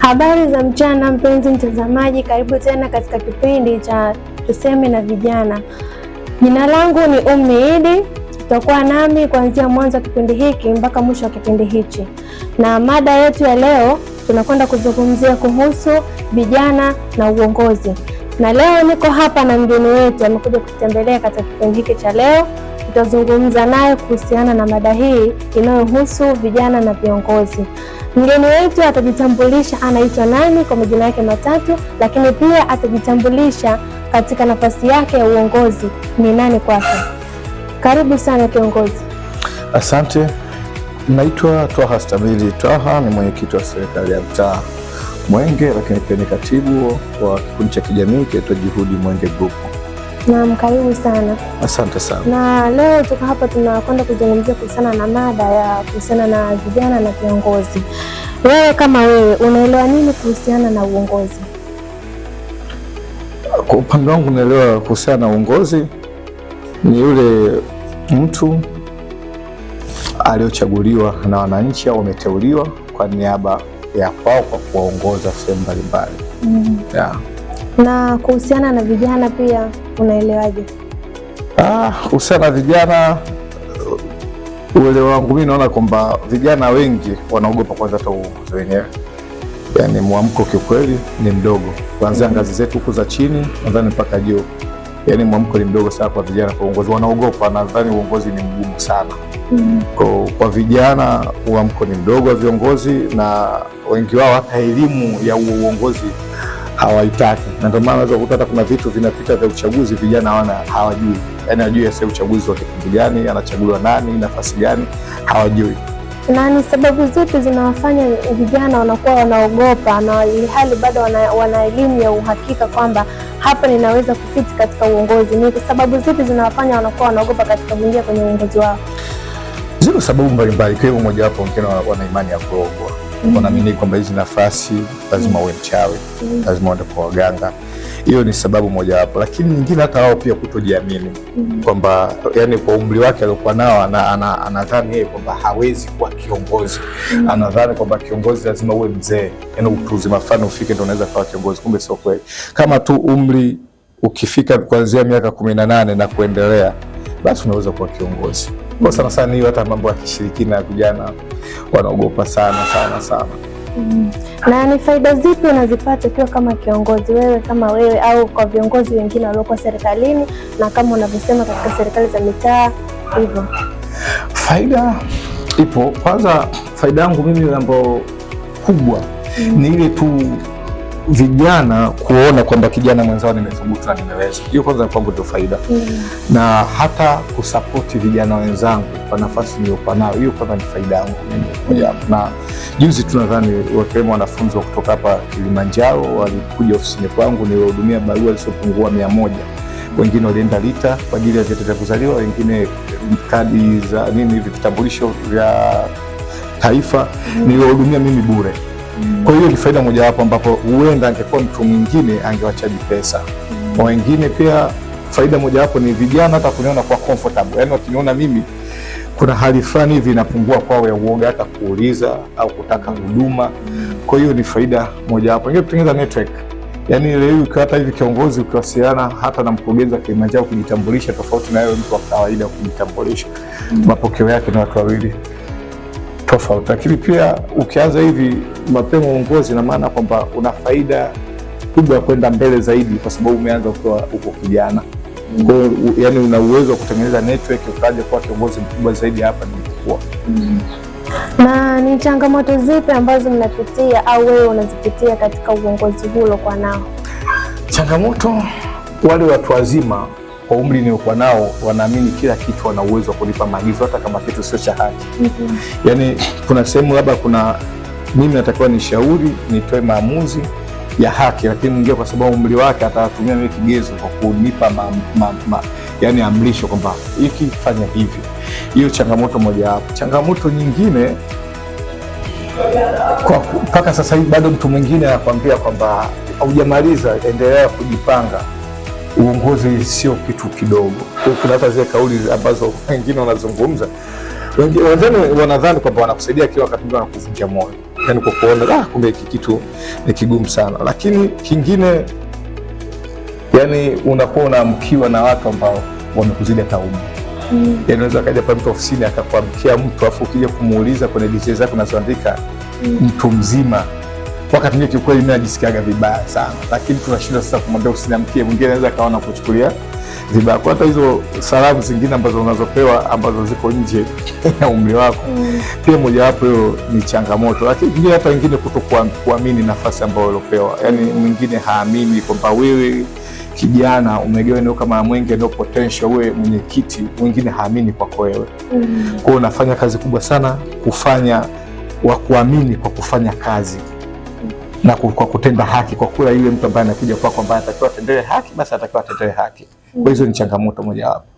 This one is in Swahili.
Habari za mchana, mpenzi mtazamaji, karibu tena katika kipindi cha Tuseme na Vijana. Jina langu ni Ummi Idi. Tutakuwa nami kuanzia mwanzo wa kipindi hiki mpaka mwisho wa kipindi hichi, na mada yetu ya leo tunakwenda kuzungumzia kuhusu vijana na uongozi na leo niko hapa na mgeni wetu amekuja kututembelea katika kipindi hiki cha leo. Tutazungumza naye kuhusiana na mada hii inayohusu vijana na viongozi. Mgeni wetu atajitambulisha anaitwa nani kwa majina yake matatu, lakini pia atajitambulisha katika nafasi yake ya uongozi ni nani kwake. Karibu sana kiongozi. Asante. Naitwa Twaha Stabili Twaha, ni mwenyekiti wa serikali ya mtaa Mwenge, lakini pia ni katibu wa kikundi cha kijamii kinaitwa Juhudi Mwenge Group. Naam, karibu sana. Asante sana. Na leo tuko hapa tunakwenda kuzungumzia kuhusiana na mada ya kuhusiana na vijana na viongozi. Wewe kama wewe unaelewa nini kuhusiana na uongozi? Kwa upande wangu naelewa kuhusiana na uongozi ni yule mtu aliyochaguliwa na wananchi au ameteuliwa kwa niaba ya kwao kwa kuwaongoza sehemu mbalimbali mm. yeah. na kuhusiana na vijana pia unaelewaje? Ah, kuhusiana na vijana uelewa wangu mimi naona kwamba vijana wengi wanaogopa kwanza hata uongozi wenyewe, yaani mwamko kiukweli ni mdogo kuanzia mm. ngazi zetu huku za chini nadhani mpaka juu yani mwamko ni mdogo sana kwa vijana kwa uongozi, wanaogopa. Nadhani uongozi ni mgumu sana mm. Kwa, kwa vijana mwamko ni mdogo wa viongozi, na wengi wao hata elimu ya uongozi hawaitaki, na ndio maana unaweza kukuta hata kuna vitu vinapita vya uchaguzi, vijana hawana, hawajui, yani hawajui hasa uchaguzi wa kipindi gani, anachaguliwa nani, nafasi gani, hawajui na ni sababu zipi zinawafanya vijana wanakuwa wanaogopa, na ilhali bado wana elimu ya uhakika kwamba hapa ninaweza kufiti katika uongozi? Ni sababu zipi zinawafanya wanakuwa wanaogopa katika kuingia kwenye uongozi wao? Ziko sababu mbalimbali, ikiwemo mojawapo, wengine wana imani ya kuogwa mm-hmm. wanaamini kwamba hizi nafasi lazima uwe mchawi, mm-hmm. lazima uende kwa waganga hiyo ni sababu mojawapo, lakini nyingine hata wao pia kutojiamini mm-hmm. kwamba yani kwa umri wake aliokuwa nao anadhani yeye kwamba hawezi kuwa kiongozi mm-hmm. anadhani kwamba kiongozi lazima uwe mzee, yani utu uzima fulani ufike ndio unaweza kuwa kiongozi, kumbe sio kweli. Kama tu umri ukifika kuanzia miaka kumi na nane na kuendelea, basi unaweza kuwa kiongozi. Kwa mm-hmm. sana sana hiyo, hata mambo ya kishirikina ya vijana wanaogopa sana sana sana. Na ni faida zipi unazipata ukiwa kama kiongozi wewe kama wewe au kwa viongozi wengine waliokuwa serikalini na kama unavyosema katika serikali za mitaa hivyo? Faida ipo. Kwanza faida yangu mimi ambayo kubwa mm. ni ile tu vijana kuona kwamba kijana mwenzao nimethubutu nimeweza, hiyo kwanza kwangu ndio faida mm. na hata kusapoti vijana wenzangu kwa nafasi niliyokuwa nayo, hiyo kwanza ni faida yangu mm. na juzi tu nadhani wakiwemo wanafunzi wa kutoka hapa Kilimanjaro walikuja ofisini kwangu, niliwahudumia barua zisizopungua mia moja wengine walienda Lita kwa ajili ya vyeti vya kuzaliwa, wengine kadi za nini hivi vitambulisho vya taifa mm. niliwahudumia mimi bure. Kwa hiyo ni faida mojawapo ambapo huenda angekuwa mtu mwingine angewachaji pesa kwa wengine. Pia faida mojawapo ni vijana hata kuniona kwa comfortable, yaani wakiniona mimi kuna hali fulani hivi inapungua kwao ya uoga hata kuuliza au kutaka huduma. Kwa hiyo ni faida mojawapo. Ingine kutengeneza network, yaani leo ukiwa hata hivi kiongozi ukiwasiliana hata na mkurugenzi wa Kilimanjaro kujitambulisha, tofauti na yeye mtu wa kawaida kujitambulisha, mapokeo yake ni watu wawili tofauti, lakini pia ukianza hivi mapema uongozi, ina maana kwamba una faida kubwa ya kwenda mbele zaidi, kwa sababu umeanza ukiwa uko kijana mm. Kwa yani una uwezo wa kutengeneza network ukaja kuwa kiongozi mkubwa zaidi hapa nilikuwa mm. Na ni changamoto zipi ambazo mnapitia au wewe unazipitia katika uongozi huu kwa nao? Changamoto wale watu wazima kwa umri niliokuwa nao wanaamini kila kitu wana uwezo wa kulipa maagizo hata kama kitu sio cha haki. mm -hmm. Yaani kuna sehemu labda kuna mimi natakiwa nishauri nitoe maamuzi ya haki, lakini mwingine kwa sababu umri wake atatumia mimi kigezo kwa kunipa ma, ma, ma, yani amrisho kwamba hiki fanya hivi. Hiyo changamoto mojawapo. Changamoto nyingine mpaka sasa hivi bado mtu mwingine anakuambia kwamba haujamaliza, endelea kujipanga uongozi sio kitu kidogo. Kuna hata zile kauli ambazo wengine wanazungumza, wengine wanadhani kwamba wanakusaidia kila wakati, wanakuvunja moyo, yani kwa kuona ah, kumbe hiki kitu ni kigumu sana. Lakini kingine, yani unakuwa unaamkiwa na watu ambao wamekuzidi hata umri mm. Yani unaweza kaja pale mtu ofisini akakuamkia mtu, afu ukija kumuuliza kwenye dizi zako unazoandika mm. mtu mzima wakati mwingine kiukweli, mimi najisikiaga vibaya sana, lakini tunashindwa sasa kumwambia usiamkie. Mwingine anaweza kaona kuchukulia vibaya kwa hata hizo salamu zingine ambazo unazopewa ambazo ziko nje ya umri wako mm. Pia mojawapo hiyo ni changamoto, lakini pengine hata wengine kuto kuamini nafasi ambayo uliopewa, yaani mwingine haamini kwamba wewe kijana umegewa eneo kama mwenge nao potential, wewe mwenyekiti, mwingine haamini kwako wewe mm. kwao, unafanya kazi kubwa sana kufanya wakuamini kwa kufanya kazi na kwa kutenda haki, kwa kula yule mtu ambaye anakuja kwako, ambaye anatakiwa atendewe haki, basi atakiwa atendewe haki. Kwa hizo ni changamoto mojawapo.